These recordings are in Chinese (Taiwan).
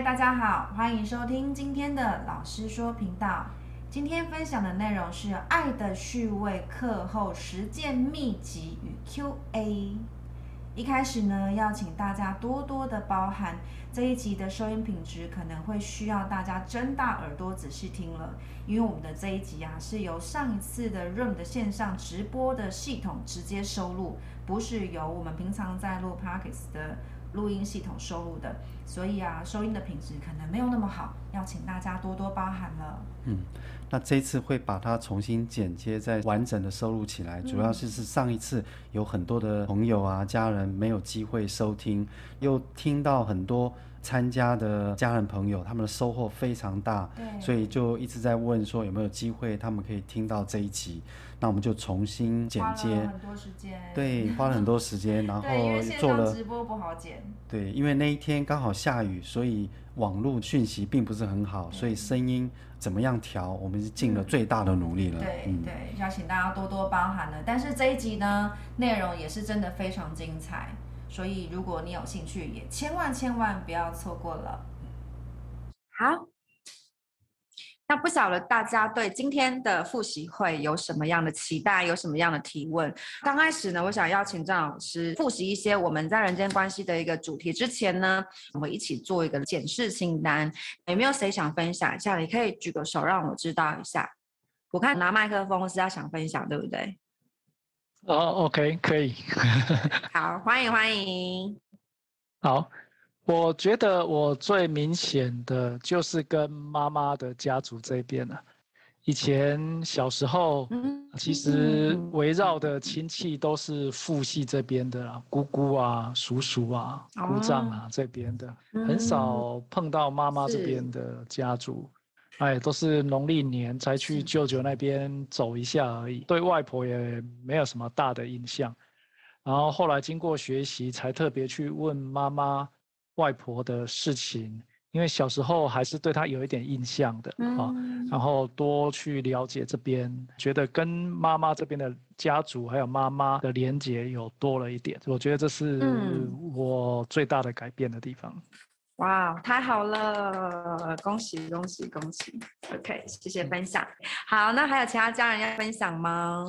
Hi, 大家好，歡迎收聽今天的老施說頻道。今天分享的內容是《愛的序位》課後實踐秘籍與 Q&A。一開始呢，要請大家多多的包涵，這一集的收音品質可能會需要大家睜大耳朵仔細聽了，因為我們的這一集啊是由上一次的 Room 的線上直播的系統直接收錄，不是由我們平常在錄 Podcast 的。錄音系統收錄的，所以啊，收音的品質可能沒有那麼好，要請大家多多包涵了。嗯，那這次會把它重新剪接，再完整的收錄起來，主要是是上一次有很多的朋友啊、家人沒有機會收聽，又聽到很多。參加的家人朋友，他們的收穫非常大，對所以就一直在問說有沒有機會他們可以聽到這一集。那我們就重新剪接，花了很多時間，對，花了很多時間， 然後做了直播不好剪，對，因為那一天剛好下雨，所以網絡訊息並不是很好，對所以聲音怎麼樣調，我們是盡了最大的努力了。嗯嗯、對對，要請大家多多包涵了。但是這一集呢，內容也是真的非常精彩。所以，如果你有興趣，也千萬千萬不要錯過了。好，那不曉得大家對今天的複習會有什麼樣的期待，有什麼樣的提問？剛開始呢，我想邀請張老師複習一些我們在人間關係的一個主題之前呢，我們一起做一個檢視清單，有沒有誰想分享一下？你可以舉個手讓我知道一下。我看拿麥克風是要想分享，對不對？哦，OK，可以。 好，歡迎歡迎。好，我覺得我最明顯的就是跟媽媽的家族這邊了。以前小時候，其實圍繞的親戚都是父系這邊的啦，姑姑啊、叔叔啊、哦、姑丈啊這邊的，很少碰到媽媽這邊的家族。哎，都是農曆年才去舅舅那邊走一下而已，對外婆也沒有什麼大的印象。然後後來經過學習，才特別去問媽媽外婆的事情，因為小時候還是對她有一點印象的啊。然後多去了解這邊，覺得跟媽媽這邊的家族還有媽媽的連結有多了一點。我覺得這是我最大的改變的地方。哇，wow, 太好了，恭喜恭喜恭喜！OK，謝謝分享。好，那還有其他家人要分享嗎？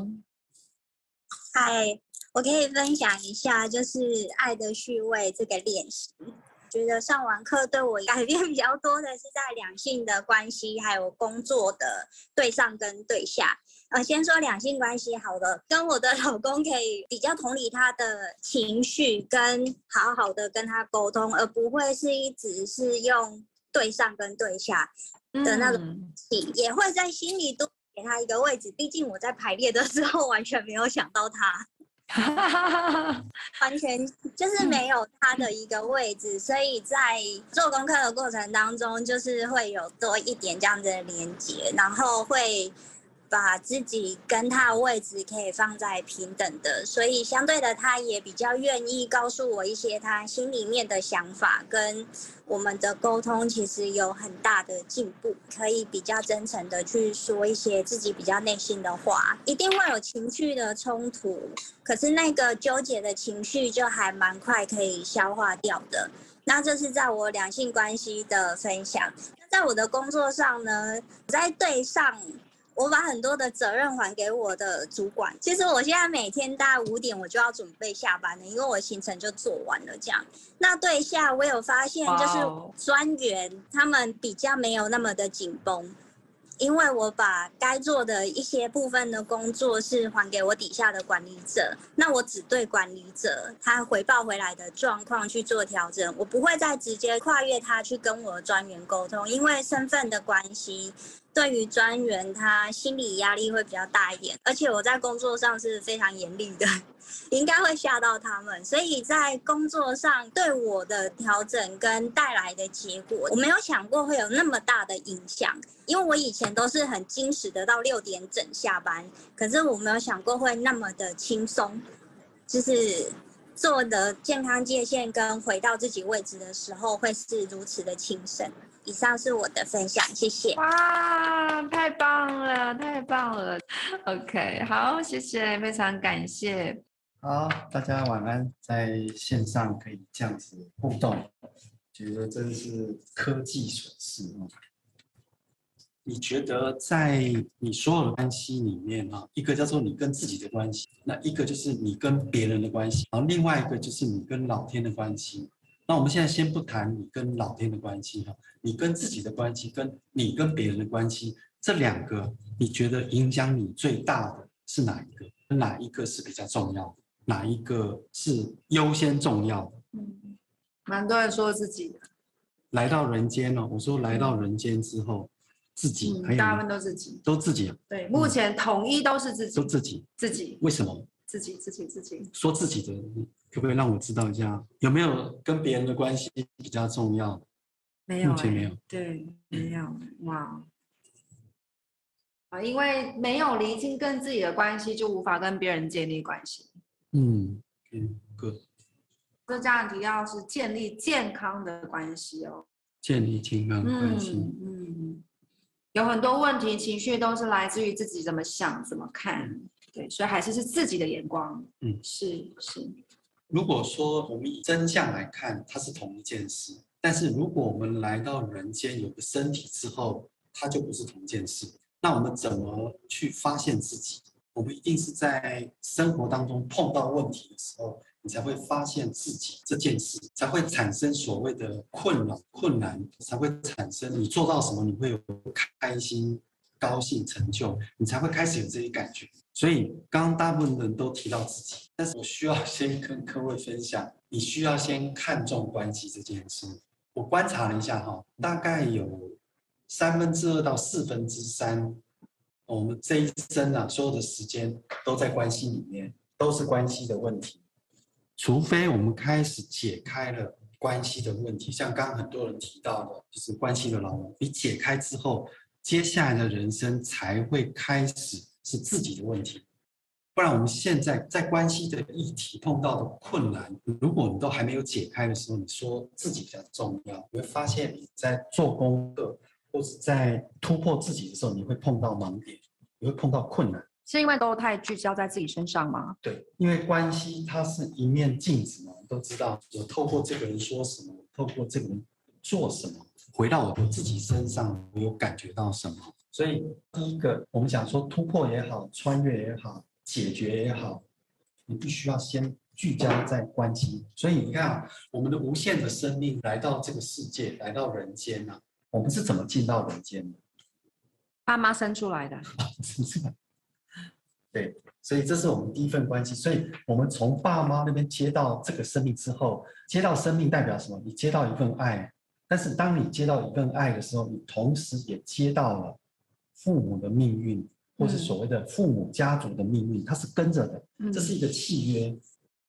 嗨，我可以分享一下，就是愛的序位這個練習。嗯、我覺得上完課對我改變比較多的是在兩性的關係，還有工作的對上跟對下。呃，先說兩性關係好了，跟我的老公可以比較同理他的情緒，跟好好的跟他溝通，而不會是一直是用對上跟對下的那種，嗯、也會在心裡多給他一個位置。畢竟我在排列的時候完全沒有想到他， 完全就是沒有他的一個位置，所以在做功課的過程當中，就是會有多一點這樣子的連接，然後會。把自己跟他的位置可以放在平等的，所以相對的他也比較願意告訴我一些他心裡面的想法，跟我們的溝通其實有很大的進步，可以比較真誠的去說一些自己比較內心的話。一定會有情緒的衝突，可是那個糾結的情緒就還蠻快可以消化掉的。那這是在我兩性關係的分享。在我的工作上呢，在對上。我把很多的責任還給我的主管。其實我現在每天大概五點我就要準備下班了，因為我行程就做完了這樣。那對下我有發現，就是專員他們比較沒有那麼的緊繃，因為我把該做的一些部分的工作是還給我底下的管理者，那我只對管理者他回報回來的狀況去做調整，我不會再直接跨越他去跟我的專員溝通，因為身份的關係。對於專員，他心理壓力會比較大一點，而且我在工作上是非常嚴厲的，應該會嚇到他們。所以在工作上對我的調整跟帶來的結果，我沒有想過會有那麼大的影響，因為我以前都是很堅持的到六點整下班，可是我沒有想過會那麼的輕鬆，就是做的健康界限跟回到自己位置的時候會是如此的輕鬆。以上是我的分享，謝謝。哇，太棒了，太棒了。OK，好，謝謝，非常感謝。好，大家晚安，在線上可以這樣子互動，覺得真是科技所賜。你覺得在你所有的關係裡面啊，一個叫做你跟自己的關係，那一個就是你跟別人的關係，然後另外一個就是你跟老天的關係。那我們現在先不談你跟老天的關係哈，你跟自己的關係，跟你跟別人的關係，這兩個你覺得影響你最大的是哪一個？哪一個是比較重要的？哪一個是優先重要的？嗯，蠻多人說自己來到人間了。我說來到人間之後，自己，嗯，可以大部分都自己，都自己。對，目前統一都是自己，嗯，都自己，自己。為什麼？自己，自己，自己。說自己的。可不可以讓我知道一下，有沒有跟別人的關係比較重要？沒有、欸，目前沒有。對，沒有。哇，啊，因為沒有釐清跟自己的關係，就無法跟別人建立關係、嗯。嗯，good。這樣的題要是建立健康的關係哦，建立健康的關係、嗯。嗯，有很多問題，情緒都是來自於自己怎麼想、怎麼看、嗯。對，所以還是是自己的眼光。嗯，是是。是如果說我們以真相來看，它是同一件事；但是如果我們來到人間有個身體之後，它就不是同一件事。那我們怎麼去發現自己？我們一定是在生活當中碰到問題的時候，你才會發現自己這件事，才會產生所謂的困擾、困難，才會產生你做到什麼，你會有開心、高興、成就，你才會開始有這些感覺。所以，剛大部分人都提到自己，但是我需要先跟各位分享，你需要先看重關係這件事。我觀察了一下哈，大概有三分之二到四分之三，4, 我們這一生啊，所有的時間都在關係裡面，都是關係的問題。除非我們開始解開了關係的問題，像剛剛很多人提到的，就是關係的牢籠。你解開之後，接下來的人生才會開始。是自己的問題，不然我們現在在關係的議題碰到的困難，如果你都還沒有解開的時候，你說自己比較重要，你會發現你在做功課或者在突破自己的時候，你會碰到盲點，你會碰到困難，是因為都太聚焦在自己身上嗎？對，因為關係它是一面鏡子嘛，我都知道我透過這個人說什麼，透過這個人做什麼，回到我的自己身上，我有感覺到什麼。所以第一個，我們想說突破也好，穿越也好，解決也好，你必須要先聚焦在關係。所以你看啊，我們的無限的生命來到這個世界，來到人間吶、啊，我們是怎麼進到人間的？爸媽生出來的， 對，所以這是我們第一份關係。所以我們從爸媽那邊接到這個生命之後，接到生命代表什麼？你接到一份愛，但是當你接到一份愛的時候，你同時也接到了。父母的命運，或是所謂的父母家族的命運，嗯、它是跟着的，這是一個契約，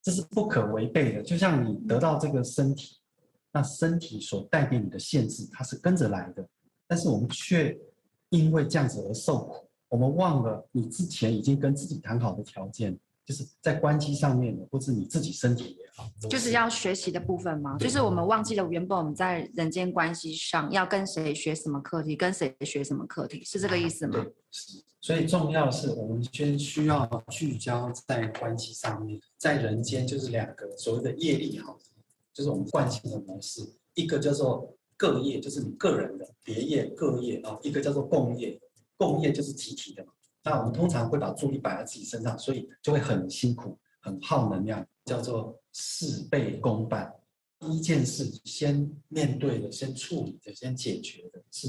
這是不可違背的。就像你得到這個身體，嗯、那身體所帶給你的限制，它是跟着來的。但是我們卻因為這樣子而受苦，我們忘了你之前已經跟自己談好的條件。就是在關係上面的，或是你自己身體也好，就是要學習的部分嗎？對就是我們忘記了原本我們在人間關係上要跟誰學什麼課題，跟誰學什麼課題，是這個意思嗎？是。所以重要的是，我們先需要聚焦在關係上面，在人間就是兩個所謂的業力哈，就是我們慣性的模式，一個叫做個業，就是你個人的別業、個業啊，一個叫做共業，共業就是集體的嘛。那我們通常會把注意力擺在自己身上，所以就會很辛苦、很耗能量，叫做事倍功半。第一件事先面對的、先處理的、先解決的是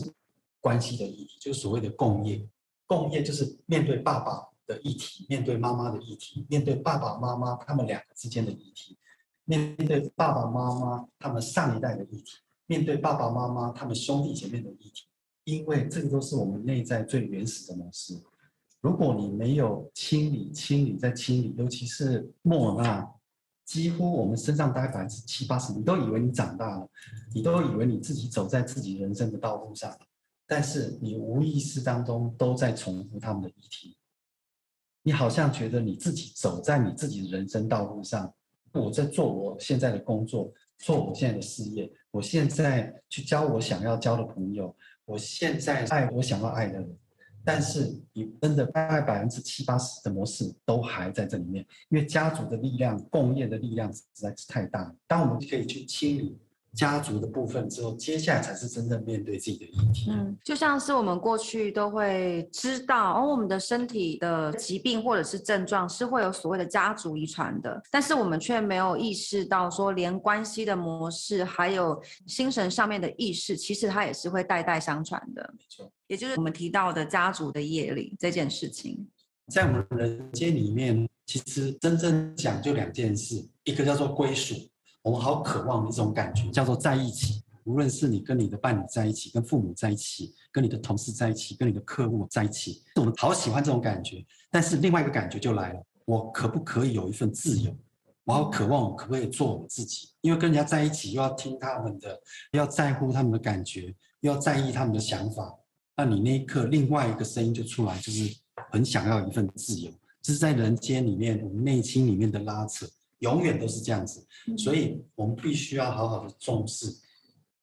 關係的議題，就是所謂的共業。共業就是面對爸爸的議題，面對媽媽的議題，面對爸爸媽媽他們兩個之間的議題，面對爸爸媽媽他們上一代的議題，面對爸爸媽媽他們兄弟姐妹的議題，因為這個都是我們內在最原始的模式。如果你沒有清理、清理、再清理，尤其是莫娜，幾乎我們身上大概百分之七八十，你都以為你長大了，你都以為你自己走在自己人生的道路上，但是你無意識當中都在重複他們的議題。你好像覺得你自己走在你自己的人生道路上，我在做我現在的工作，做我現在的事業，我現在去交我想要交的朋友，我現在愛我想要愛的人。但是，你真的大概百分之七八十的模式都還在這裡面，因為家族的力量、共業的力量實在是太大了，當我們就可以去清理。家族的部分之後，接下來才是真正面對自己的議題。嗯，就像是我們過去都會知道、哦，我們的身體的疾病或者是症狀是會有所謂的家族遺傳的，但是我們卻沒有意識到說，連關係的模式，還有心神上面的意識，其實它也是會代代相傳的。沒錯，也就是我們提到的家族的業力這件事情，在我們人間裡面，其實真正講究兩件事，一個叫做歸屬。我們好渴望的一種感覺，叫做在一起。無論是你跟你的伴侶在一起，跟父母在一起，跟你的同事在一起，跟你的客戶在一起，我們好喜歡這種感覺。但是另外一個感覺就來了：我可不可以有一份自由？我好渴望，我可不可以做我們自己？因為跟人家在一起，又要聽他們的，又要在乎他們的感覺，又要在意他們的想法。那你那一刻，另外一個聲音就出來，就是很想要一份自由。這，就是在人間裡面，我們內心裡面的拉扯。永遠都是這樣子，所以我們必須要好好的重視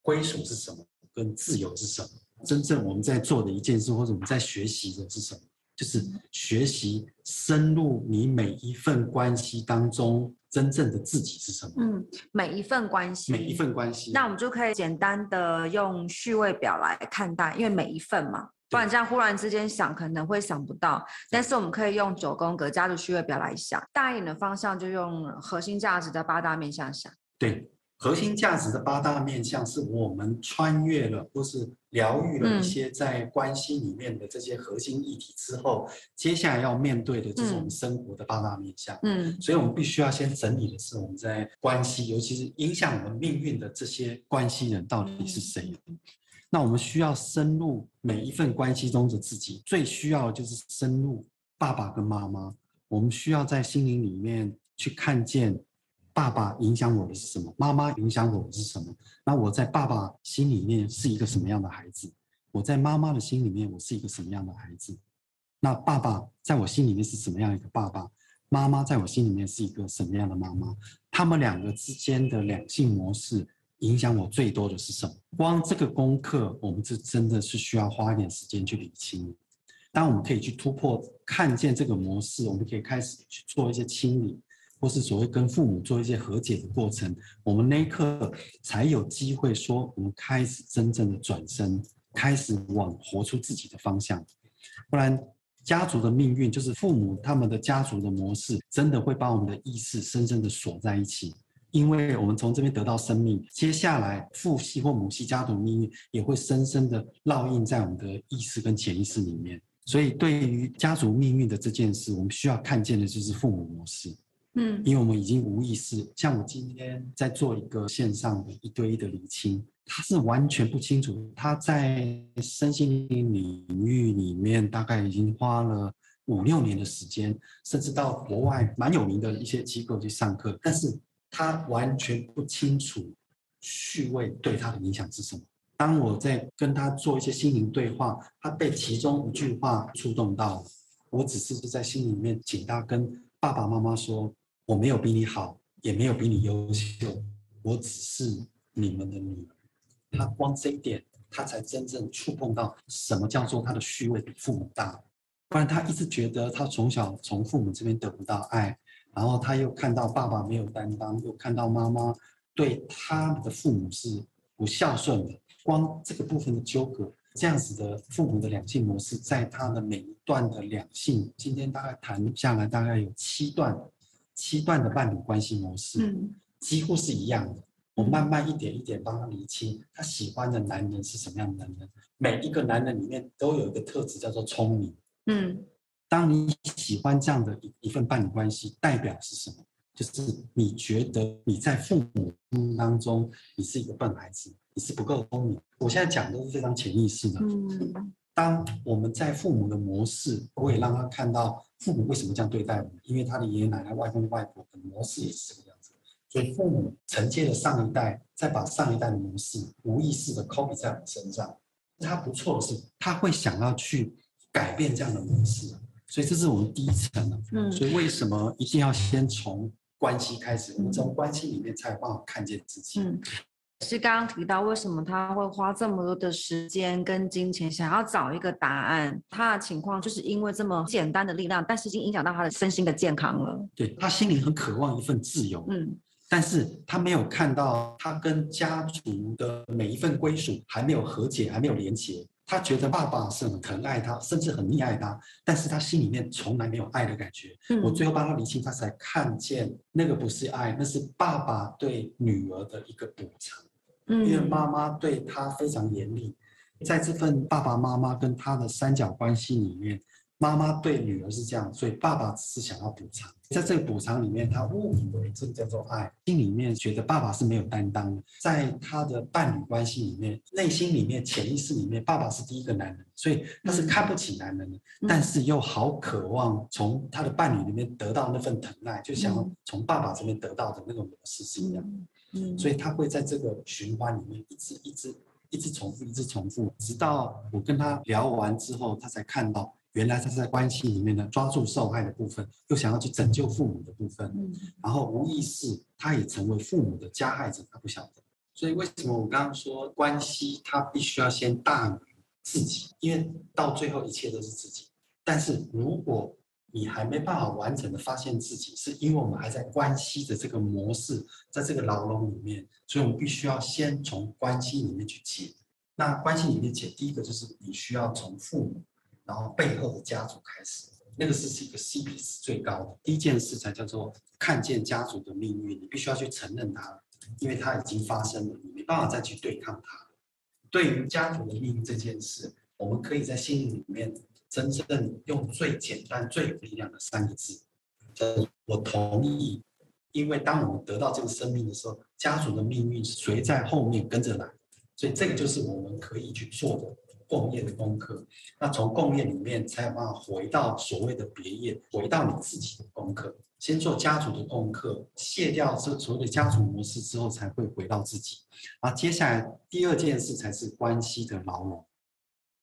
歸屬是什麼，跟自由是什麼。真正我們在做的一件事，或者我們在學習的是什麼，就是學習深入你每一份關係當中真正的自己是什麼。嗯，每一份關係，每一份關係。那我們就可以簡單的用序位表來看待，因為每一份嘛。對不然這樣忽然之間想可能會想不到，對但是我們可以用九宮格家族序位表來想，大一點的方向就用核心價值的八大面向想。對，核心價值的八大面向是我們穿越了或是療癒了一些在關係裡面的這些核心議題之後，嗯、接下來要面對的這種生活的八大面向。嗯，嗯，所以我們必須要先整理的是我們在關係，尤其是影響我們命運的這些關係人到底是誰的。那我們需要深入每一份關係中的自己，最需要就是深入爸爸跟媽媽。我們需要在心靈裡面去看見，爸爸影響我的是什麼，媽媽影響我的是什麼。那我在爸爸心裡面是一個什麼樣的孩子？我在媽媽的心裡面我是一個什麼樣的孩子？那爸爸在我心裡面是什麼樣一個爸爸？媽媽在我心裡面是一個什麼樣的媽媽？他們兩個之間的兩性模式。影響我最多的是什麼？光這個功課，我們是真的是需要花一點時間去理清。當我們可以去突破、看見這個模式，我們可以開始去做一些清理，或是所謂跟父母做一些和解的過程，我們那一刻才有機會說，我們開始真正的轉身，開始往活出自己的方向。不然，家族的命運就是父母他們的家族的模式，真的會把我們的意識深深地鎖在一起。因為我們從這邊得到生命，接下來父系或母系家族命運也會深深的烙印在我們的意識跟潛意識裡面。所以，對於家族命運的這件事，我們需要看見的就是父母模式。嗯，因為我們已經無意識，像我今天在做一個線上的一對一的理清，他是完全不清楚他在身心靈領域裡面大概已經花了五六年的時間，甚至到國外蠻有名的一些機構去上課，但是，他完全不清楚序位對他的影響是什麼。當我在跟他做一些心靈對話，他被其中一句話觸動到了。我只是在心裡面請他跟爸爸媽媽說：“我沒有比你好，也沒有比你優秀，我只是你們的女兒。”他光這一點，他才真正觸碰到什麼叫做他的序位比父母大。不然他一直覺得他從小從父母這邊得不到愛。然後他又看到爸爸沒有擔當，又看到媽媽對他的父母是不孝順的。光這個部分的糾葛，這樣子的父母的兩性模式，在他的每一段的兩性，今天大概談下來大概有七段，七段的伴侶關係模式，嗯、幾乎是一樣的。我慢慢一點一點幫他理清，他喜歡的男人是什麼樣的男人？每一個男人裡面都有一個特質叫做聰明。嗯。當你喜歡這樣的一一份伴侶關係，代表是什麼？就是你覺得你在父母當中，你是一個笨孩子，你是不夠聰明。我現在講的都是非常潛意識的。當我們在父母的模式，我也讓他看到父母為什麼這樣對待我們，因為他的爺爺奶奶、外公外婆的模式也是這個樣子。所以父母承接了上一代，再把上一代的模式無意識的 copy 在我們身上。他不錯的是，他會想要去改變這樣的模式。所以這是我們第一層嗯，所以為什麼一定要先從關係開始？我們、嗯、從關係裡面才有辦法看見自己。嗯，是剛剛提到為什麼他會花這麼多的時間跟金錢，想要找一個答案？他的情況就是因為這麼簡單的力量，但是已經影響到他的身心的健康了。對，他心裡很渴望一份自由。嗯，但是他沒有看到他跟家族的每一份歸屬還沒有和解，還沒有連結。他覺得爸爸是很疼愛他，甚至很溺愛他，但是他心裡面從來沒有愛的感覺。嗯、我最後幫他理清，他才看見那個不是愛，那是爸爸對女兒的一個補償。嗯、因為媽媽對他非常嚴厲，在這份爸爸媽媽跟他的三角關係裡面，媽媽對女兒是這樣，所以爸爸只是想要補償。在這個補償裡面，他誤以為這個叫做愛，心裡面覺得爸爸是沒有擔當的，在他的伴侶關係裡面，內心裡面、潛意識裡面，爸爸是第一個男人，所以他是看不起男人的，嗯、但是又好渴望從他的伴侶裡面得到那份疼愛，嗯、就想要從爸爸這邊得到的那種模式是一樣的，嗯嗯、所以他會在這個循環裡面一直、一直、一直、一直重複、一直重複，直到我跟他聊完之後，他才看到。原來他是在關係裡面呢，抓住受害的部分，又想要去拯救父母的部分，嗯，然後無意識，他也成為父母的加害者，他不曉得。所以為什麼我剛剛說關係，他必須要先大於自己，因為到最後一切都是自己。但是如果你還沒辦法完整的發現自己，是因為我們還在關係的這個模式，在這個牢籠裡面，所以我們必須要先從關係裡面去解。那關係裡面解，第一個就是你需要從父母，然後背後的家族開始，那個是是一個 CP 是最高的第一件事，才叫做看見家族的命運。你必須要去承認它，因為它已經發生了，你沒辦法再去對抗它。對於家族的命運這件事，我們可以在心裡面真正用最簡單、最有力量的三個字，呃，我同意。因為當我們得到這個生命的時候，家族的命運是誰在後面跟着來，所以這個就是我們可以去做的共業的功課，那從共業裡面才有辦法回到所謂的別業，回到你自己的功課。先做家族的功課，卸掉這所謂的家族模式之後，才會回到自己。啊，接下來第二件事才是關係的牢籠。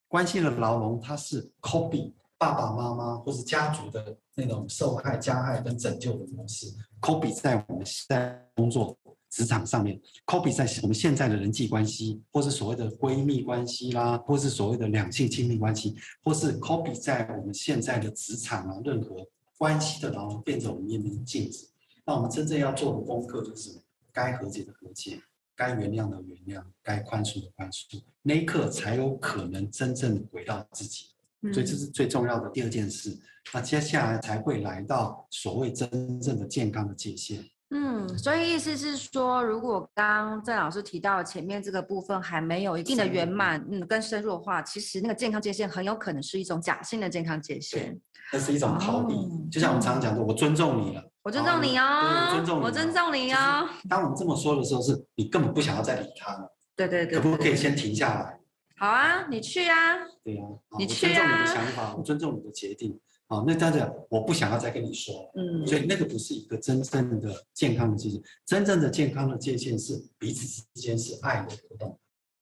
關係的牢籠，它是 copy 爸爸媽媽或者家族的那種受害、加害跟拯救的模式。copy 在我們在工作、職場上面，copy 在我們現在的人際關係，或是所謂的閨蜜關係啦，或是所謂的兩性親密關係，或是 copy 在我們現在的職場啊，任何關係的，然後變成我們一面鏡子。那我們真正要做的功課就是，該和解的和解，該原諒的原諒，該寬恕的寬恕，那一刻才有可能真正回到自己。嗯、所以這是最重要的第二件事。那接下來才會來到所謂真正的健康的界限。嗯，所以意思是說，如果剛鄭老師提到前面這個部分還沒有一定的圓滿，嗯，更深入的話，其實那個健康界限很有可能是一種假性的健康界限。那是一種逃避，哦、就像我們常常講的，我尊重你了，我尊重你哦，啊、我尊重你了，我尊重你哦、就是。當我們這麼說的時候是，是你根本不想要再理他了。對，對對對。可不可以先停下來？好啊，你去啊。對啊，你去啊。我尊重你的想法，我尊重你的決定。好、哦，那大家我不想要再跟你說了，嗯，所以那個不是一個真正的健康的界限，真正的健康的界限是彼此之間是愛的流動，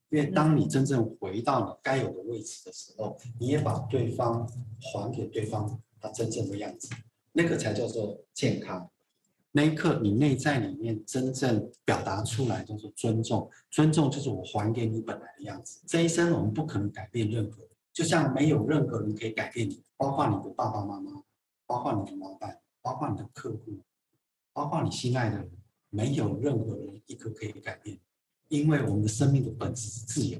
因為當你真正回到了該有的位置的時候，你也把對方還給對方他真正的樣子，那個才叫做健康。那一刻，你內在裡面真正表達出來就是尊重，尊重就是我還給你本來的樣子。這一生我們不可能改變任何。就像沒有任何人可以改變你，包括你的爸爸媽媽，包括你的老闆，包括你的客戶，包括你心愛的人，沒有任何人一個可以改變，因為我們的生命的本質是自由，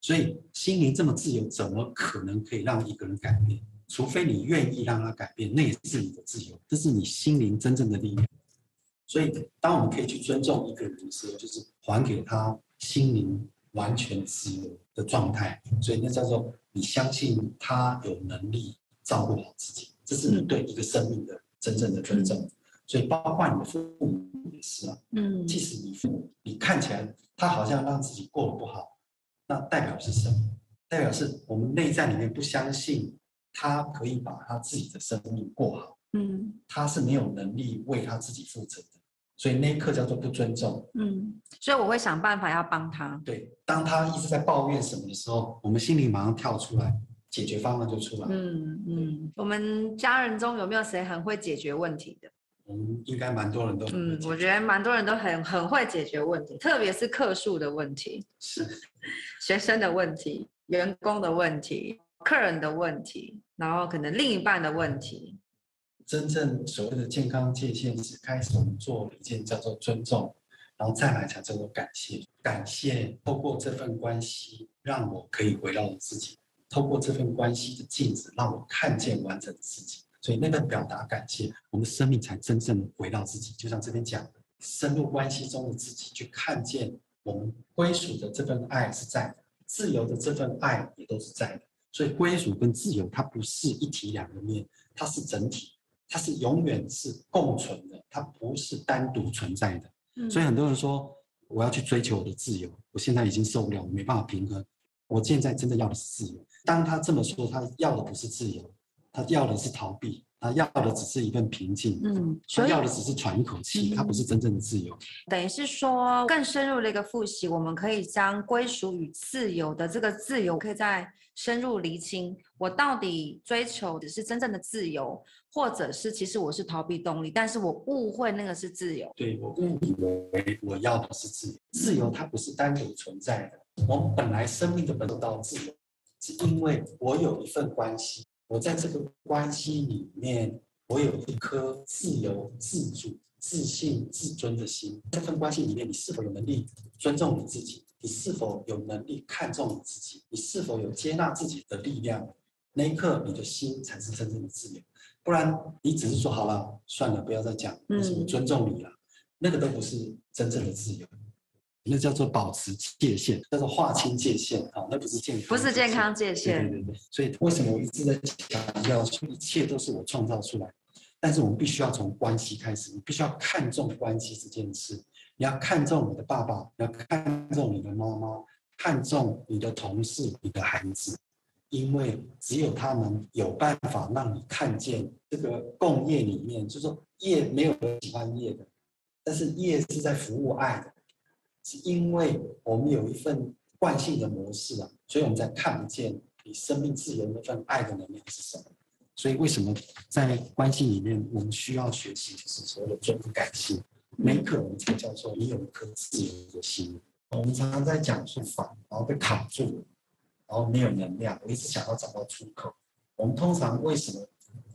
所以心靈這麼自由，怎麼可能可以讓一個人改變？除非你願意讓他改變，那也是你的自由，這是你心靈真正的力量。所以，當我們可以去尊重一個人的時候，就是還給他心靈完全自由的狀態，所以那叫做。你相信他有能力照顧好自己，這是你對一個生命的真正的尊重。所以，包括你的父母也是啊。嗯，即使你父母，你看起來他好像讓自己過得不好，那代表是什麼？代表是我們內在裡面不相信他可以把他自己的生命過好。嗯，他是沒有能力為他自己負責的。所以那一刻叫做不尊重。嗯，所以我會想辦法要幫他。對，當他一直在抱怨什麼的時候，我們心裡馬上跳出來，解決方案就出來。嗯嗯。嗯對我們家人中有沒有誰很會解決問題的？我們、嗯、應該蠻多人都嗯，我覺得蠻多人都很很會解決問題，特別是客訴的問題，是學生的問題、員工的問題、客人的問題，然後可能另一半的問題。嗯真正所謂的健康界限是開始我們做了一件叫做尊重，然後再來才叫做感謝。感謝透過這份關係讓我可以回到我自己，透過這份關係的鏡子讓我看見完整自己。所以那個表達感謝，我們生命才真正回到自己。就像這邊講的，深入關係中的自己去看見我們歸屬的這份愛是在的，自由的這份愛也都是在的。所以歸屬跟自由它不是一體兩個面，它是整體。它是永遠是共存的，它不是單獨存在的。所以很多人說，我要去追求我的自由，我現在已經受不了，我沒辦法平衡，我現在真的要的是自由。當他這麼說，他要的不是自由，他要的是逃避，他要的只是一份平靜。嗯，所以要的只是喘一口氣，嗯，他不是真正的自由。等於是說更深入的一個複習，我們可以將歸屬與自由的這個自由，可以在。深入釐清，我到底追求的是真正的自由，或者是其實我是逃避動力，但是我誤會那個是自由。對，我誤以為我要的是自由，自由它不是單獨存在的。我本來生命的本道自由，是因為我有一份關係，我在這個關係裡面，我有一顆自由、自主、自信、自尊的心，在這份關係裡面，你是否有能力尊重你自己？你是否有能力看重你自己？你是否有接納自己的力量？那一刻，你的心才是真正的自由。不然，你只是說好了，算了，不要再講。是我尊重你了、啊，嗯，那個都不是真正的自由。那叫做保持界限，叫做劃清界限啊，哦、那不是健康，不是健康界限。界限對,對對對，所以為什麼我一直在強調說，一切都是我創造出來，但是我們必須要從關係開始，你必須要看重關係這件事，你要看重你的爸爸，要看重你的媽媽，看重你的同事，你的孩子，因為只有他們有辦法讓你看見這個共業裡面，就是、說業沒有人喜歡業的，但是業是在服務愛的。是因為我們有一份慣性的模式啊，所以我們才看不見你生命自由那份愛的能量是什麼。所以為什麼在關係裡面我們需要學習，就是所謂的做不感性，沒可能才叫做你有一顆自由的心。嗯、我們常常在講書法，然後被卡住，然後沒有能量，我一直想要找到出口。我們通常為什麼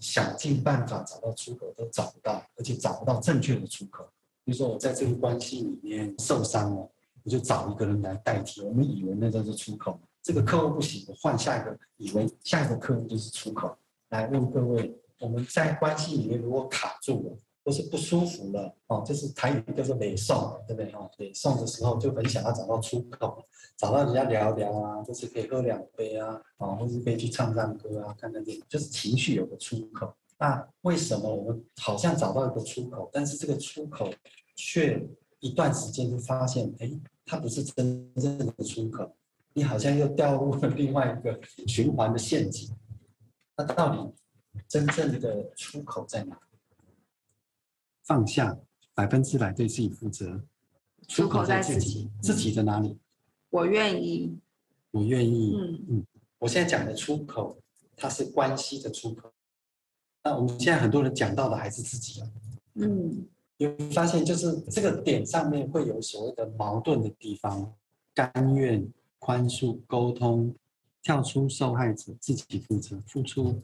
想盡辦法找到出口都找不到，而且找不到正確的出口？比如說我在這個關係裡面受傷了，我就找一個人來代替。我們以為那就是出口，這個客戶不行，我換下一個，以為下一個客戶就是出口。來問各位，我們在關係裡面如果卡住了，或是不舒服了，哦，就是台語就是“北送”，對不對？哦，北送的時候就很想要找到出口，找到人家聊聊啊，就是可以喝兩杯啊，哦，或是可以去唱唱歌啊，看看電影，就是情緒有個出口。那、啊、為什麼我們好像找到一個出口，但是這個出口卻一段時間就發現，哎，它不是真正的出口，你好像又掉入了另外一個循環的陷阱。那、啊、到底真正的出口在哪？放下百分之百對自己負責，出口在自己，嗯、自己在哪裡？我願意，我願意。嗯嗯，嗯我現在講的出口，它是關係的出口。那我們現在很多人講到的還是自己啊，嗯，有發現就是這個點上面會有所謂的矛盾的地方，甘願寬恕、溝通、跳出受害者、自己負責、付出。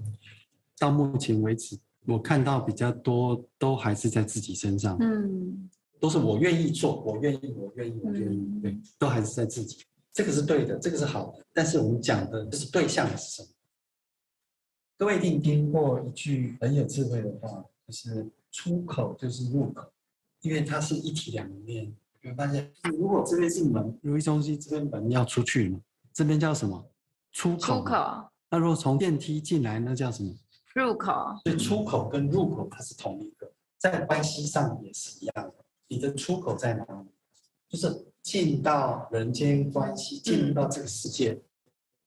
到目前為止，我看到比較多都還是在自己身上，嗯，都是我願意做，我願意，我願意，我願意，對，嗯，都還是在自己。這個是對的，這個是好的，但是我們講的就是對象是什麼？各位一定聽過一句很有智慧的話，就是出口就是入口，因為它是一體兩面。你會發現，如果這邊是門，如意中心這邊門要出去嘛，這邊叫什麼？出口。出口，那如果從電梯進來，那叫什麼？入口。所以出口跟入口它是同一個，在關係上也是一樣的。你的出口在哪裡？就是進到人間關係，嗯、進入到這個世界。嗯、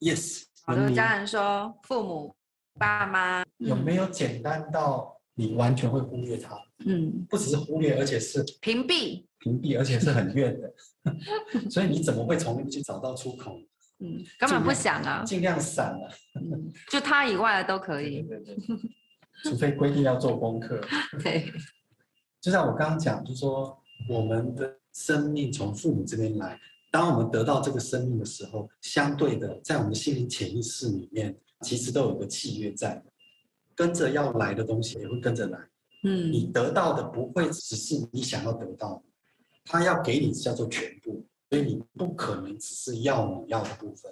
yes。好多家人說父母。爸媽、嗯、有沒有簡單到你完全會忽略他？嗯，不只是忽略，而且是屏蔽，屏蔽，而且是很怨的。 所以你怎麼會從那邊去找到出口？嗯，根本不想啊，盡量，盡量閃了、啊。 就他以外的都可以。對對對，除非規定要做功課。 對。就像我剛剛講，就說我們的生命從父母這邊來，當我們得到這個生命的時候，相對的，在我們心理潛意識裡面。其實都有個契約在，跟着要來的東西也會跟着來。嗯，你得到的不會只是你想要得到的，他要給你叫做全部，所以你不可能只是要你要的部分。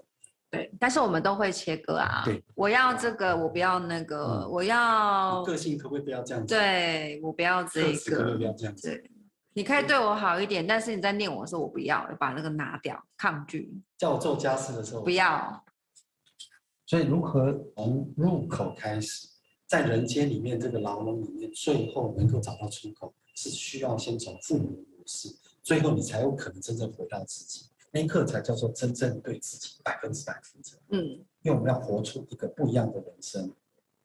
對，但是我們都會切割啊。對，我要這個，我不要那個，嗯，我要。個性可不可以不要這樣子？對，我不要這個。可不可以不要這樣子？子？你可以對我好一點，但是你在念我的時候，我不要，要把那個拿掉，抗拒。叫我做家事的時候。不要。所以，如何從入口開始，在人間裡面這個牢籠裡面，最後能夠找到出口，是需要先從父母模式，最後你才有可能真正回到自己。那一刻才叫做真正對自己百分之百負責。嗯，因為我們要活出一個不一樣的人生。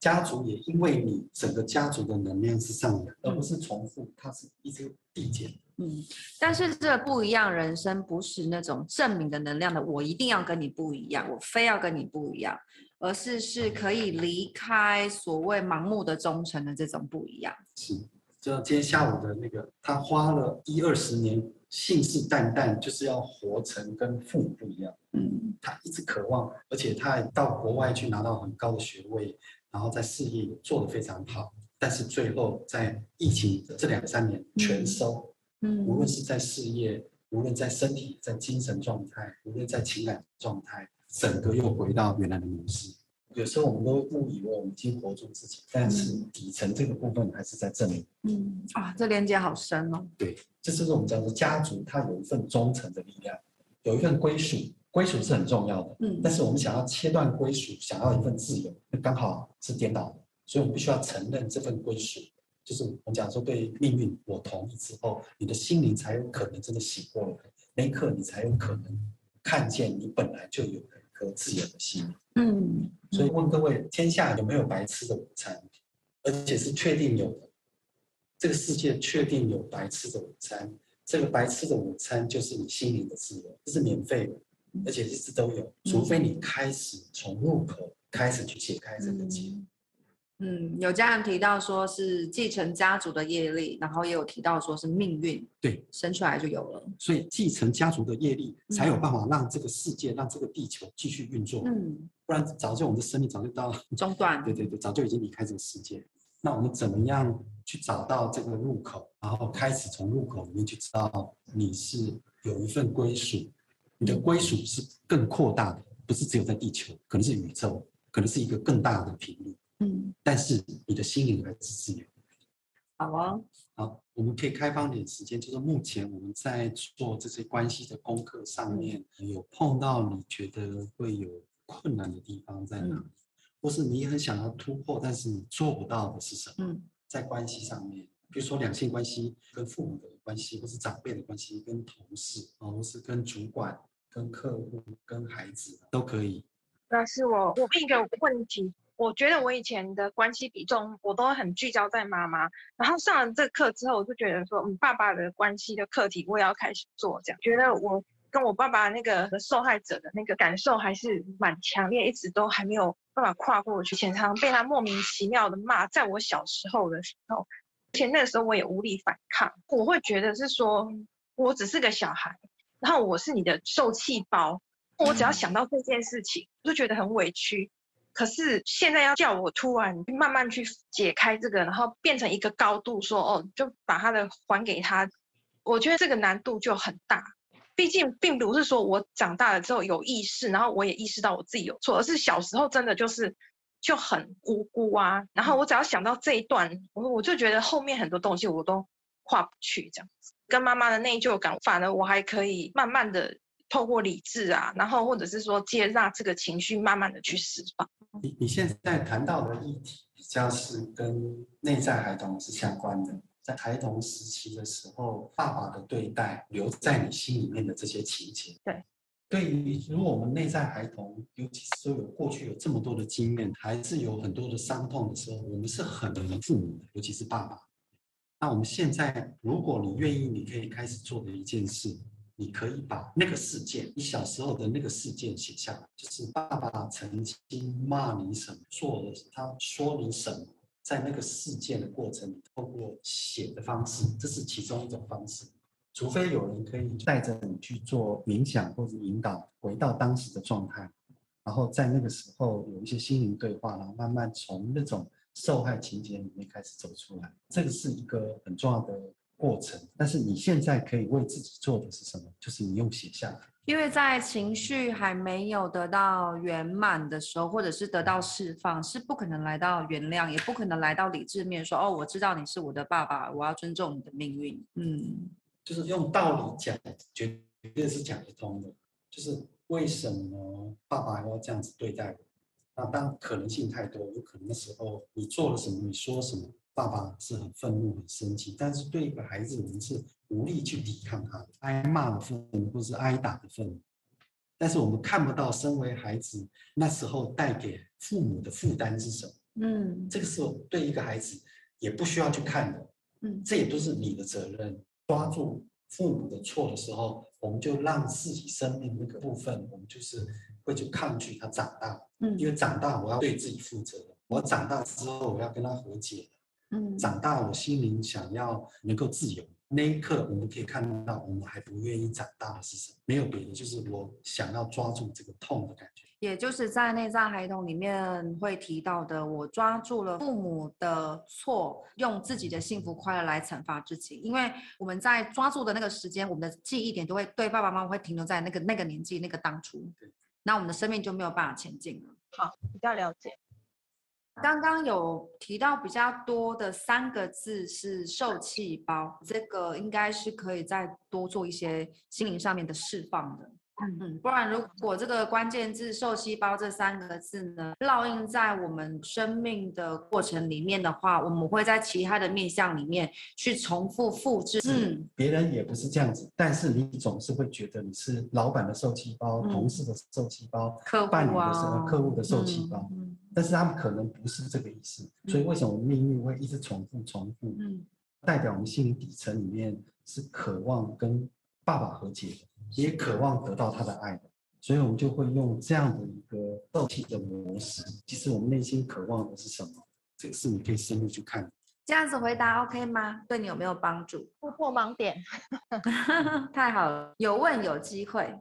家族也因為你整個家族的能量是上揚，嗯，而不是重複，它是一直遞減。嗯，但是這不一樣，人生不是那種證明的能量的，我一定要跟你不一樣，我非要跟你不一樣，而是是可以離開所謂盲目的忠誠的這種不一樣。是，就今天下午的那個，他花了一二十年，信誓旦旦就是要活成跟父母不一樣。嗯，他一直渴望，而且他還到國外去拿到很高的學位。然後在事業做得非常好，但是最後在疫情這兩三年全收，嗯嗯、無論是在事業，無論在身體、在精神狀態，無論在情感狀態，整個又回到原來的模式。有時候我們都誤以為我們已經活出自己，嗯、但是底層這個部分還是在這裡嗯，啊，這連接好深哦。對，就是我們叫做家族，它有一份忠誠的力量，有一份歸屬。歸屬是很重要的，嗯，但是我們想要切斷歸屬，想要一份自由，剛好是顛倒的，所以我們必須要承認這份歸屬，就是我們講說對命運我同意之後，你的心靈才有可能真的醒過來，那一刻你才有可能看見你本來就有的一顆自由的心，嗯，所以問各位，天下有沒有白吃的午餐？而且是確定有的，這個世界確定有白吃的午餐，這個白吃的午餐就是你心靈的自由，這、就是免費的。而且一直都有，除非你開始從入口開始去解開這個結。嗯，有家人提到說是繼承家族的業力，然後也有提到說是命運。對，生出來就有了，所以繼承家族的業力才有辦法讓這個世界、嗯、讓這個地球繼續運作。嗯，不然早就我們的生命早就到了中斷段。對對對，早就已經離開這個世界。那我們怎麼樣去找到這個入口，然後開始從入口裡面去知道你是有一份歸屬？你的歸屬是更擴大的，不是只有在地球，可能是宇宙，可能是一個更大的頻率。嗯。但是你的心靈還是自由的。好啊。好，我們可以開放點時間，就是目前我們在做這些關係的功課上面，嗯、有碰到你覺得會有困難的地方在哪裡，嗯、或是你很想要突破，但是你做不到的是什麼？嗯、在關係上面，比如說兩性關係、跟父母的關係，或是長輩的關係、跟同事或是跟主管。跟客戶、跟孩子都可以。那是我，我問一個問題，我覺得我以前的關係比重，我都很聚焦在媽媽。然後上了這個課之後，我就覺得說，嗯，爸爸的關係的課題，我也要開始做。這樣，覺得我跟我爸爸那個受害者的那個感受還是蠻強烈，一直都還沒有辦法跨過去。前常被他莫名其妙的罵，在我小時候的時候，前那個時候我也無力反抗，我會覺得是說，我只是個小孩。然後我是你的受氣包，我只要想到這件事情，我就覺得很委屈。可是現在要叫我突然慢慢去解開這個，然後變成一個高度說，哦，就把他的還給他，我覺得這個難度就很大。畢竟並不是說我長大了之後有意識，然後我也意識到我自己有錯，而是小時候真的就是就很無辜啊。然後我只要想到這一段，我我就覺得後面很多東西我都跨不去這樣子。跟媽媽的內疚感，反而我還可以慢慢的透過理智啊，然後或者是說接納這個情緒，慢慢的去釋放。你你現在談到的議題，比較是跟內在孩童是相關的，在孩童時期的時候，爸爸的對待留在你心裡面的這些情節。對，對於如果我們內在孩童，尤其是說有過去有這麼多的經驗，還是有很多的傷痛的時候，我們是很父母的，尤其是爸爸。那、啊、我們現在，如果你願意，你可以開始做的一件事，你可以把那個事件，你小時候的那個事件寫下來，就是爸爸曾經罵你什麼，做了，他說你什麼，在那個事件的過程，透過寫的方式，這是其中一種方式。除非有人可以帶着你去做冥想或者引導，回到當時的狀態，然後在那個時候有一些心靈對話，然後慢慢從那種。受害情節裡面開始走出來，這個是一個很重要的過程。但是你現在可以為自己做的是什麼？就是你用寫下來，因為在情緒還沒有得到圓滿的時候，或者是得到釋放，是不可能來到原諒，也不可能來到理智面說：“哦，我知道你是我的爸爸，我要尊重你的命運。”嗯，就是用道理講，絕對是講不通的。就是為什麼爸爸要這樣子對待我？那當可能性太多，有可能的時候，你做了什麼？你說什麼？爸爸是很憤怒、很生氣，但是對一個孩子，我們是無力去抵抗他的，挨罵的份，或是挨打的份。但是我們看不到身為孩子那時候帶給父母的負擔是什麼？嗯，這個時候對一個孩子也不需要去看的。嗯，這也都是你的責任。抓住父母的錯的時候，我們就讓自己生命那個部分，我們就是。會去抗拒他長大，嗯，因為長大我要對自己負責的，我長大之後我要跟他和解的，嗯，長大我心靈想要能夠自由。那一刻我們可以看到，我們還不願意長大的是什麼？沒有別的，就是我想要抓住這個痛的感覺。也就是在內在孩童裡面會提到的，我抓住了父母的錯，用自己的幸福快樂來懲罰自己，嗯，因為我們在抓住的那個時間，我們的記憶點都會對爸爸媽媽會停留在那個那個年紀那個當初。對。那我們的生命就沒有辦法前進了。好，比較了解。剛剛有提到比較多的三個字是受氣包，這個應該是可以再多做一些心靈上面的釋放的。嗯嗯，不然如果這個關鍵字“受氣包”這三個字呢，烙印在我們生命的過程裡面的話，我們會在其他的面向裡面去重複複製。是嗯，別人也不是這樣子，但是你總是會覺得你是老闆的受氣包，嗯、同事的受氣包，客戶、啊、的客戶的受氣包，嗯、但是他們可能不是這個意思。嗯、所以為什麼命運會一直重複重複？嗯，代表我們心理底層裡面是渴望跟。爸爸和解，也渴望得到他的愛。所以我們就會用這樣的一個鬥氣的模式。其實我們內心渴望的是什麼？這個是你可以深入去看。這樣子回答 OK 嗎？對你有沒有幫助？突破盲點， 太好了，有問有機會，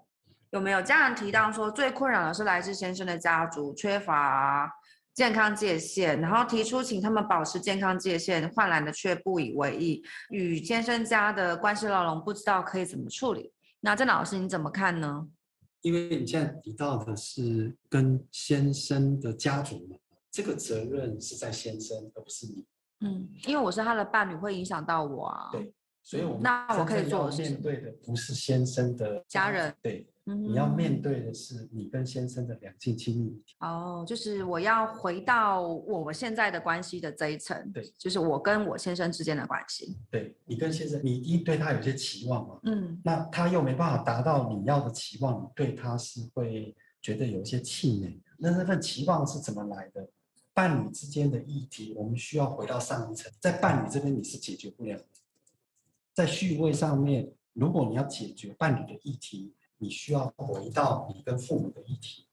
有沒有？家人提到說，最困擾的是來自先生的家族缺乏健康界限，然後提出請他們保持健康界限，換來的卻不以為意，與先生家的關係老攏，不知道可以怎麼處理。那鄭老師你怎麼看呢？因為你現在提到的是跟先生的家族嘛，這個責任是在先生，而不是你。嗯，因為我是他的伴侶，會影響到我啊。對，所以我那我可以做的是，對的不是先生的家人。家人對。你要面對的是你跟先生的兩性親密。哦，就是我要回到我們現在的關係的這一層。對，就是我跟我先生之間的關係。對，你跟先生，你一定對他有些期望嘛，嗯，那他又沒辦法達到你要的期望，你對他是會覺得有一些氣餒。那那份期望是怎麼來的？伴侶之間的議題，我們需要回到上一層，在伴侶這邊你是解決不了的。在序位上面，如果你要解決伴侶的議題，你需要回到你跟父母的議題，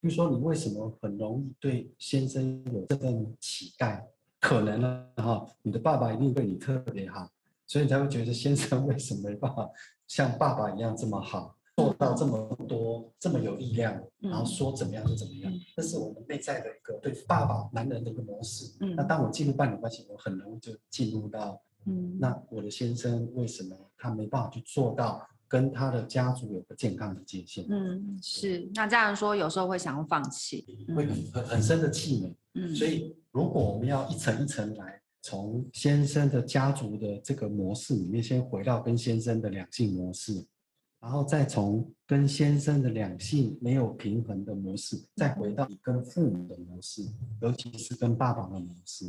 比如說你為什麼很容易對先生有這份期待？可能呢、啊，你的爸爸一定對你特別好，所以你才會覺得先生為什麼沒辦法像爸爸一樣這麼好，做到這麼多，這麼有力量，然後說怎麼樣就怎麼樣？這是我們內在的一個對爸爸、男人的一個模式。那當我進入伴侶關係，我很容易就進入到，那我的先生為什麼他沒辦法去做到？跟他的家族有個健康的界限。嗯，是。那這樣說，有時候會想要放棄，會很很很深的氣餒。嗯，所以如果我們要一層一層來，從先生的家族的這個模式裡面，先回到跟先生的兩性模式，然後再從跟先生的兩性沒有平衡的模式，再回到你跟父母的模式，尤其是跟爸爸的模式。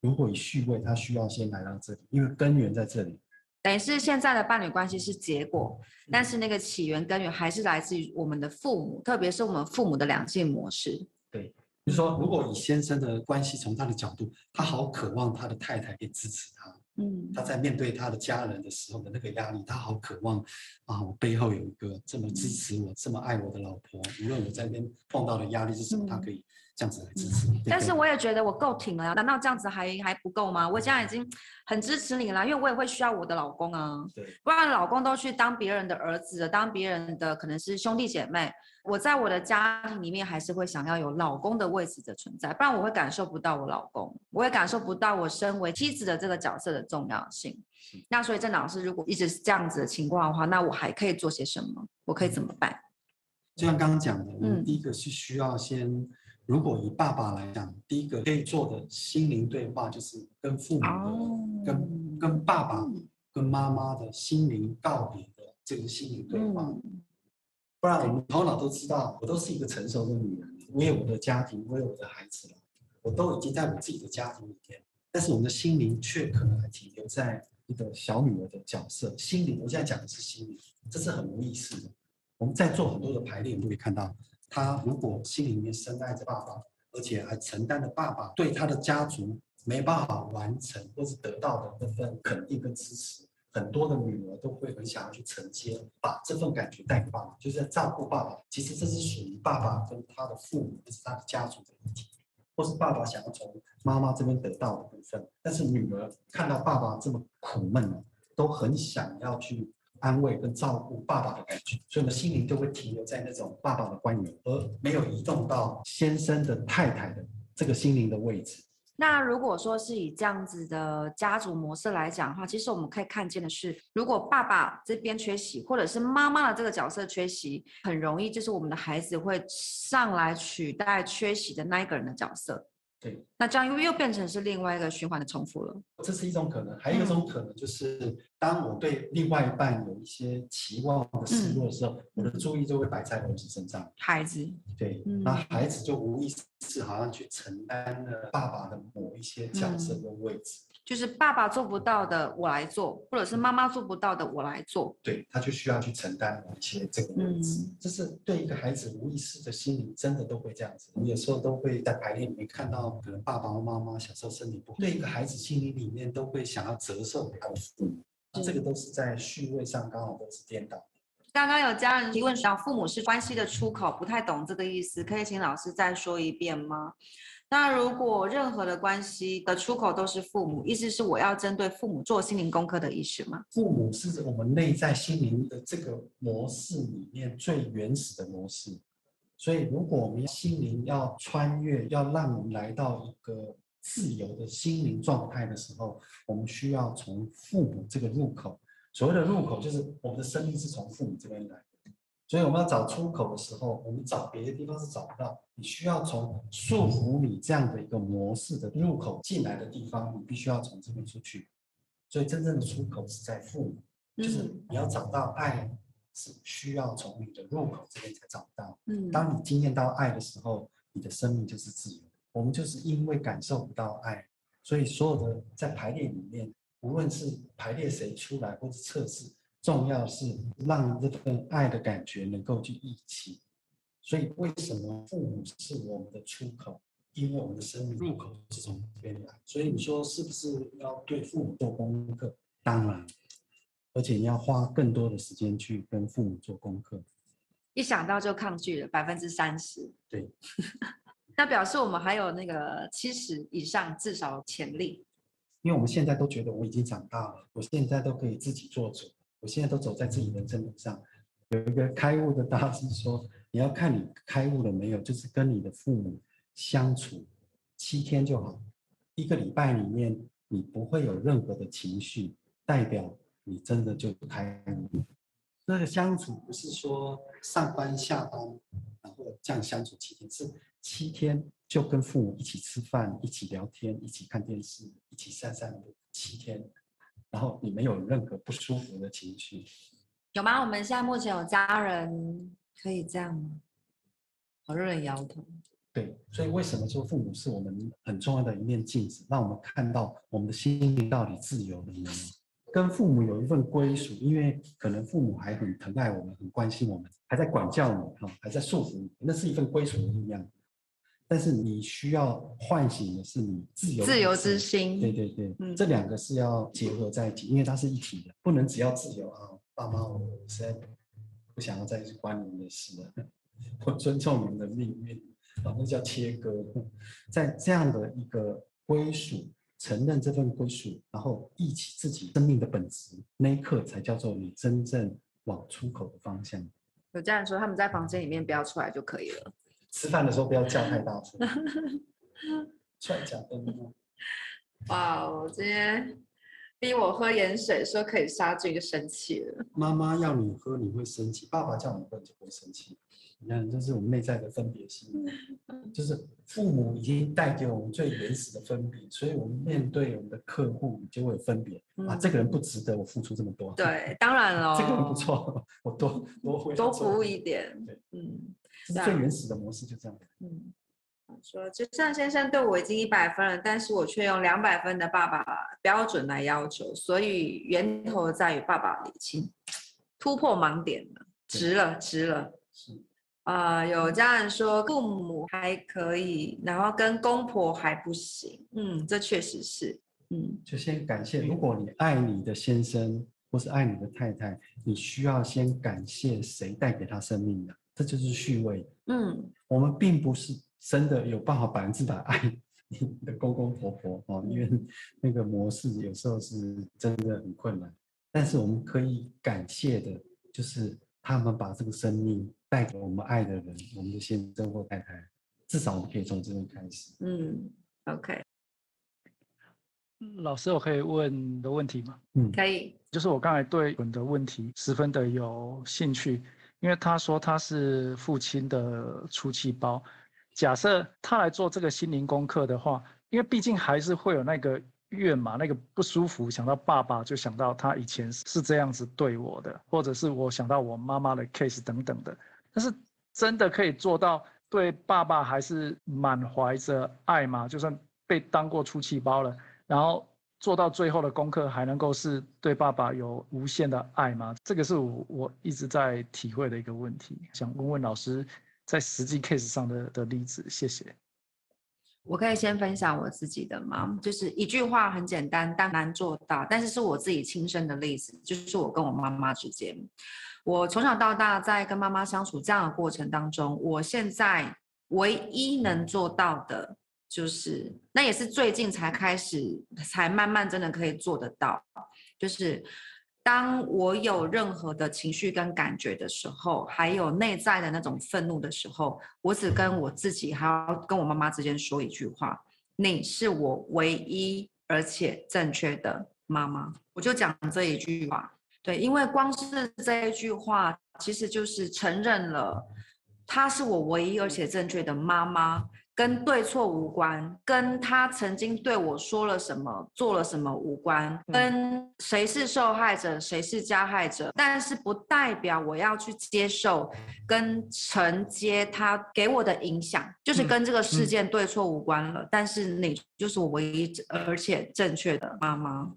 如果以序位，他需要先來到這裡，因為根源在這裡。等於是現在的伴侶關係是結果，但是那個起源、根源還是來自於我們的父母，特別是我們父母的兩性模式。對，就是說，如果以先生的關係，從他的角度，他好渴望他的太太可以支持他。嗯，他在面對他的家人的時候的那個壓力，他好渴望啊，我背後有一個這麼支持我、嗯、這麼愛我的老婆，無論我在那邊碰到的壓力是什麼，嗯、他可以。這樣子來支持你。對對對，但是我也覺得我夠挺了，難道這樣子還還不夠嗎？我現在已經很支持你了，因為我也會需要我的老公啊。對不然老公都去當別人的兒子，當別人的可能是兄弟姐妹，我在我的家庭裡面還是會想要有老公的位置的存在，不然我會感受不到我老公，我也感受不到我身為妻子的這個角色的重要性。是那所以鄭老師，如果一直是這樣子的情況的話，那我還可以做些什麼？我可以怎麼辦？嗯，就像剛剛講的，嗯，第一個是需要先。如果以爸爸來講，第一個可以做的心靈對話，就是跟父母的、哦、跟跟爸爸、跟媽媽的心靈告別的這個心靈對話。嗯、不然，我們頭腦都知道，我都是一個成熟的女人，我有我的家庭，我有我的孩子了，我都已經在我自己的家庭裡邊，但是我們的心靈卻可能還停留在一個小女兒的角色。心靈，我現在講的是心靈，這是很無意識的。我們在做很多的排列，你都可以看到。他如果心裡面深愛着爸爸，而且還承擔着爸爸對他的家族沒辦法完成或是得到的那份肯定跟支持，很多的女兒都會很想要去承接，把這份感覺帶給爸爸，就是照顧爸爸。其實這是屬於爸爸跟他的父母或是他的家族的問題，或是爸爸想要從媽媽這邊得到的部分。但是女兒看到爸爸這麼苦悶都很想要去。安慰跟照顧爸爸的感覺，所以我們心靈就會停留在那種爸爸的觀念，而沒有移動到先生的太太的這個心靈的位置。那如果說是以這樣子的家族模式來講的話，其實我們可以看見的是，如果爸爸這邊缺席，或者是媽媽的這個角色缺席，很容易就是我們的孩子會上來取代缺席的那一個人的角色。對，那這樣又又變成是另外一個循環的重複了。這是一種可能，還有一種可能就是，當我對另外一半有一些期望和失落的時候，嗯、我的注意就會擺在孩子身上。孩子，對，嗯、那孩子就無意識好像去承擔了爸爸的某一些角色跟位置。嗯就是爸爸做不到的我來做，或者是媽媽做不到的我來做。對，他就需要去承擔一些這個樣子、嗯。就是對一個孩子無意識的心理，真的都會這樣子。嗯、有時候都會在排練裡面看到，可能爸爸和媽媽小時候身體不好，嗯、對一個孩子心理裡面都會想要折射給父母。嗯、這個都是在序位上剛好都是顛倒。剛剛有家人提問說，父母是關係的出口，不太懂這個意思，可以請老師再說一遍嗎？那如果任何的關係的出口都是父母，意思是我要針對父母做心靈功課的意思嗎？父母是我們內在心靈的這個模式裡面最原始的模式，所以如果我們心靈要穿越，要讓我們來到一個自由的心靈狀態的時候，我們需要從父母這個入口。所謂的入口，就是我們的生命是從父母這邊來。所以我們要找出口的時候，我們找別的地方是找不到。你需要從束縛你這樣的一個模式的入口進來的地方，你必須要從這邊出去。所以真正的出口是在父母，就是你要找到愛，是需要從你的入口這邊才找到。當你經驗到愛的時候，你的生命就是自由。我們就是因為感受不到愛，所以所有的在排列裡面，無論是排列誰出來或者測試。重要的是讓這份愛的感覺能夠去一起，所以為什麼父母是我們的出口？因為我們的生命入口是從這邊來。所以你說是不是要對父母做功課？當然，而且你要花更多的時間去跟父母做功課。一想到就抗拒了百分之三十。對， 那表示我們還有那個七十以上至少潛力，因為我們現在都覺得我已經長大了，我現在都可以自己做主。我現在都走在自己的正路上，有一個開悟的大師說，你要看你開悟了沒有？就是跟你的父母相處七天就好，一個禮拜裡面你不會有任何的情緒，代表你真的就開悟。那個相處不是說上班下班，然後這樣相處七天，是七天就跟父母一起吃飯，一起聊天，一起看電視，一起散散步，七天。然後你沒有任何不舒服的情緒，有嗎？我們現在目前有家人可以這樣嗎？好，瑞搖頭。對，所以為什麼說父母是我們很重要的一面鏡子，讓我們看到我們的心靈到底自由了呢？跟父母有一份歸屬，因為可能父母還很疼愛我們，很關心我們，還在管教你啊，還在束縛你，那是一份歸屬的力量。但是你需要喚醒的是你自由自由之心，對對對，嗯、這兩個是要結合在一起，因為它是一體的，不能只要自由啊！哦！爸媽，我現在不想要再關你們的事了，我尊重你們的命運，然後叫切割。在這樣的一個歸屬，承認這份歸屬，然後憶起自己生命的本質，那一刻才叫做你真正往出口的方向。有家人說他們在房間裡面不要出來就可以了。吃飯的時候不要叫太大聲，哇， 我、wow, 今天逼我喝鹽水，說可以殺菌就生氣了。媽媽要你喝你會生氣，爸爸叫你喝你就會生氣。嗯，這是我們內在的分別心，就是父母已經帶給我們最原始的分別，所以我們面對我們的客戶就會有分別啊，這個人不值得我付出這麼多。對，當然了。哦，這個很不錯，我多多回多服務一點，對嗯，最原始的模式，啊、就這樣。嗯，說，就像先生對我已經一百分了，但是我卻用兩百分的爸爸標準來要求，所以源頭在於爸爸。已經，突破盲點了，值對了，值了，是。啊、呃，有家人說父母還可以，然後跟公婆還不行。嗯，這確實是。嗯，就先感謝。如果你愛你的先生或是愛你的太太，你需要先感謝誰帶給他生命的？這就是序位。嗯，我們並不是真的有辦法百分之百愛你的公公婆婆哦，因為那個模式有時候是真的很困難。但是我們可以感謝的就是他們把這個生命。帶給我們愛的人，我們的先生或太太，至少我們可以從這邊開始。嗯，OK。嗯。老師，我可以問你個問題嗎？嗯，可以。就是我剛才對你的問題十分的有興趣，因為他說他是父親的出氣包。假設他來做這個心靈功課的話，因為畢竟還是會有那個怨嘛，那個不舒服，想到爸爸就想到他以前是這樣子對我的，或者是我想到我媽媽的 case 等等的。但是真的可以做到對爸爸還是滿懷着愛嗎？就算被當過出氣包了，然後做到最後的功課，還能夠是對爸爸有無限的愛嗎？這個是我一直在體會的一個問題，想問問老師在實際 case 上的的例子，謝謝。我可以先分享我自己的嗎？就是一句話很簡單，但難做到，但是是我自己親身的例子，就是我跟我媽媽之間。我從小到大在跟媽媽相處這樣的過程當中，我現在唯一能做到的就是，那也是最近才開始，才慢慢真的可以做得到，就是當我有任何的情緒跟感覺的時候，還有內在的那種憤怒的時候，我只跟我自己，還要跟我媽媽之間說一句話：“你是我唯一而且正確的媽媽。”我就講這一句話。對，因為光是這一句話，其實就是承認了她是我唯一而且正確的媽媽，跟對錯無關，跟她曾經對我說了什麼、做了什麼無關，跟誰是受害者、誰是加害者，但是不代表我要去接受跟承接她給我的影響，就是跟這個事件對錯無關了。嗯嗯。但是你就是我唯一而且正確的媽媽。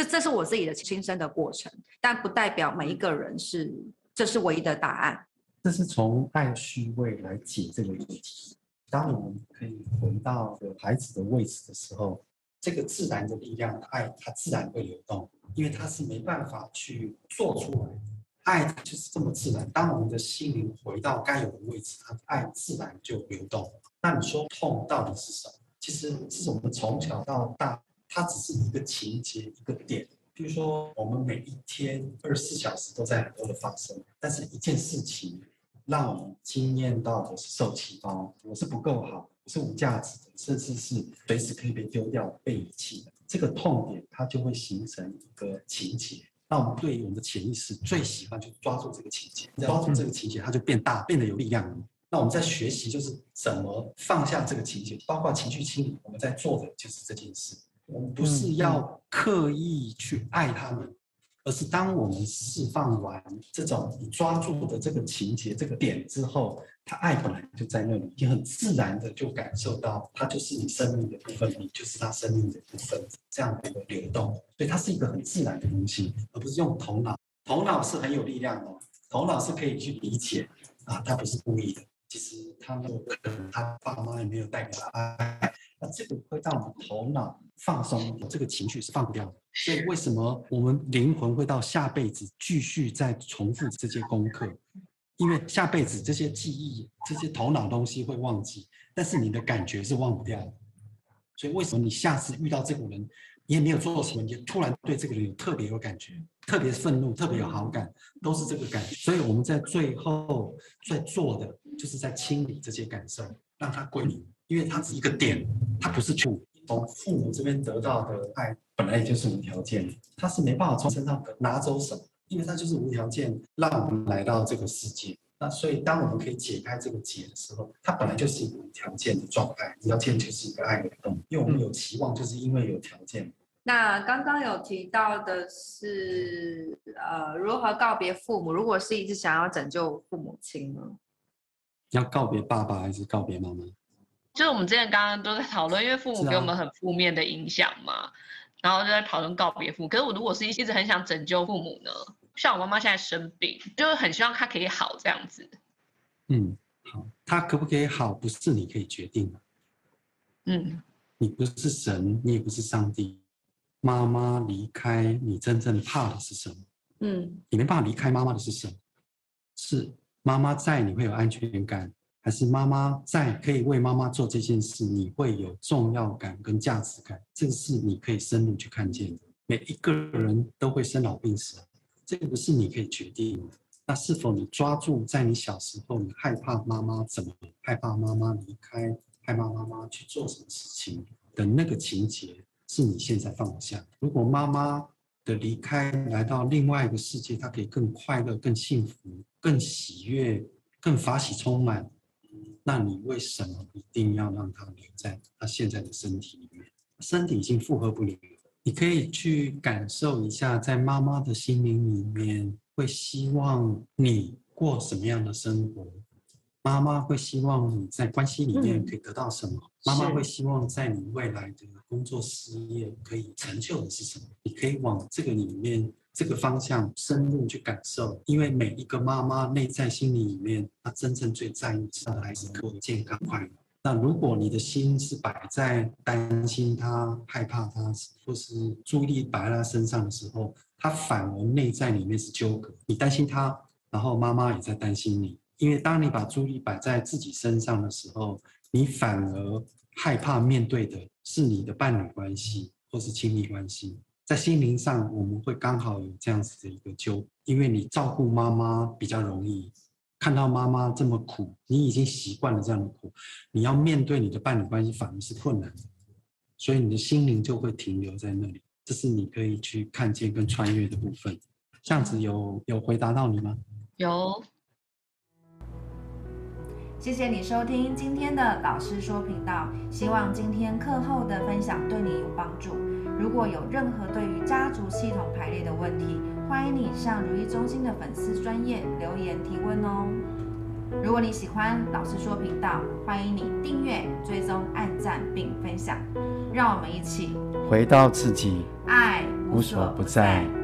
這這是我自己的親身的過程，但不代表每一個人是，這是唯一的答案。這是從愛的序位來解這個問題。當我們可以回到有孩子的位置的時候，這個自然的力量，愛它自然會流動，因為它是沒辦法去做出來的，愛就是這麼自然。當我們的心靈回到該有的位置，它愛自然就流動。那你說痛到底是什麼？其實是我們從小到大。它只是一個情節，一個點。比如說，我們每一天二十四小時都在很多的發生，但是一件事情讓我們經驗到的是受氣包，我是不夠好，我是無價值的，甚至是隨時可以被丟掉、被遺棄的。這個痛點它就會形成一個情節。那我們對於我們的潛意識最喜歡就抓住這個情節，抓住這個情節，它就變大，變得有力量。那我們在學習就是怎麼放下這個情節，包括情緒清理，我們在做的就是這件事。我們不是要刻意去愛他們，嗯嗯、而是當我們釋放完這種你抓住的這個情節、這個點之後，他愛本來就在那裡，你很自然的就感受到，他就是你生命的部分，你就是他生命的部分，這樣的一個流動，所以它是一個很自然的東西，而不是用頭腦。頭腦是很有力量的，頭腦是可以去理解啊，它不是故意的。其實他們可能他爸媽也沒有帶給他愛，那這個會讓我們頭腦放鬆，這個情緒是放不掉的。所以為什麼我們靈魂會到下輩子繼續再重複這些功課？因為下輩子這些記憶、這些頭腦東西會忘記，但是你的感覺是忘不掉的。所以為什麼你下次遇到這個人，你也沒有做什麼，也突然對這個人有特別有感覺，特別憤怒，特別有好感，都是這個感覺。所以我們在最後在做的。就是在清理這些感受，讓它歸零，因為它只一個點，它不是全部。從父母這邊得到的愛本來就是無條件，他它是沒辦法從身上拿走什麼，因為它就是無條件讓我們來到這個世界。那所以，當我們可以解開這個結的時候，它本來就是無條件的狀態。無條件就是一個愛的流動、嗯，因為我們有期望，就是因為有條件。那剛剛有提到的是、呃，如何告別父母？如果是一直想要拯救父母親呢？要告別爸爸還是告別媽媽？就是我們之前剛剛都在討論，因為父母給我們很負面的影響嘛，啊、然後就在討論告別父母。可是我如果是一直很想拯救父母呢？像我媽媽現在生病，就很希望她可以好這樣子。嗯，好，她可不可以好，不是你可以決定的。嗯，你不是神，你也不是上帝。媽媽離開你，真正怕的是什麼？嗯，你沒辦法離開媽媽的是什麼？是。媽媽在，你會有安全感；還是媽媽在，可以為媽媽做這件事，你會有重要感跟價值感？這個是你可以深入去看見的。每一個人都會生老病死，這個不是你可以決定的。那是否你抓住在你小時候你害怕媽媽怎麼害怕媽媽離開，害怕媽媽去做什麼事情的那個情節，是你現在放不下？如果媽媽的離開來到另外一個世界，她可以更快樂、更幸福。更喜悅、更法喜充滿，那你為什麼一定要讓他留在他現在的身體裡面？身體已經負荷不了。你可以去感受一下，在媽媽的心靈裡面會希望你過什麼樣的生活？媽媽會希望你在關係裡面可以得到什麼？嗯、媽媽會希望在你未來的工作事業可以成就的是什麼？你可以往這個裡面。這個方向深入去感受，因為每一個媽媽內在心理裡面，她真正最在意的還是她的健康快樂。那如果你的心是擺在擔心她、害怕她，或是注意力擺在她身上的時候，她反而內在裡面是糾葛。你擔心她，然後媽媽也在擔心你。因為當你把注意力擺在自己身上的時候，你反而害怕面對的是你的伴侶關係或是親密關係。在心靈上，我們會剛好有這樣子的一個糾，因為你照顧媽媽比較容易，看到媽媽這麼苦，你已經習慣了這樣的苦，你要面對你的伴侶關係反而是困難，所以你的心靈就會停留在那裡。這是你可以去看見跟穿越的部分。這樣子有有回答到你嗎？有。謝謝你收聽今天的老施說頻道，希望今天課後的分享對你有幫助。如果有任何對於家族系統排列的問題，歡迎你向如意中心的粉絲專頁留言提問哦。如果你喜歡老施說頻道，歡迎你訂閱、追蹤、按讚並分享，讓我們一起回到自己，愛無所不在。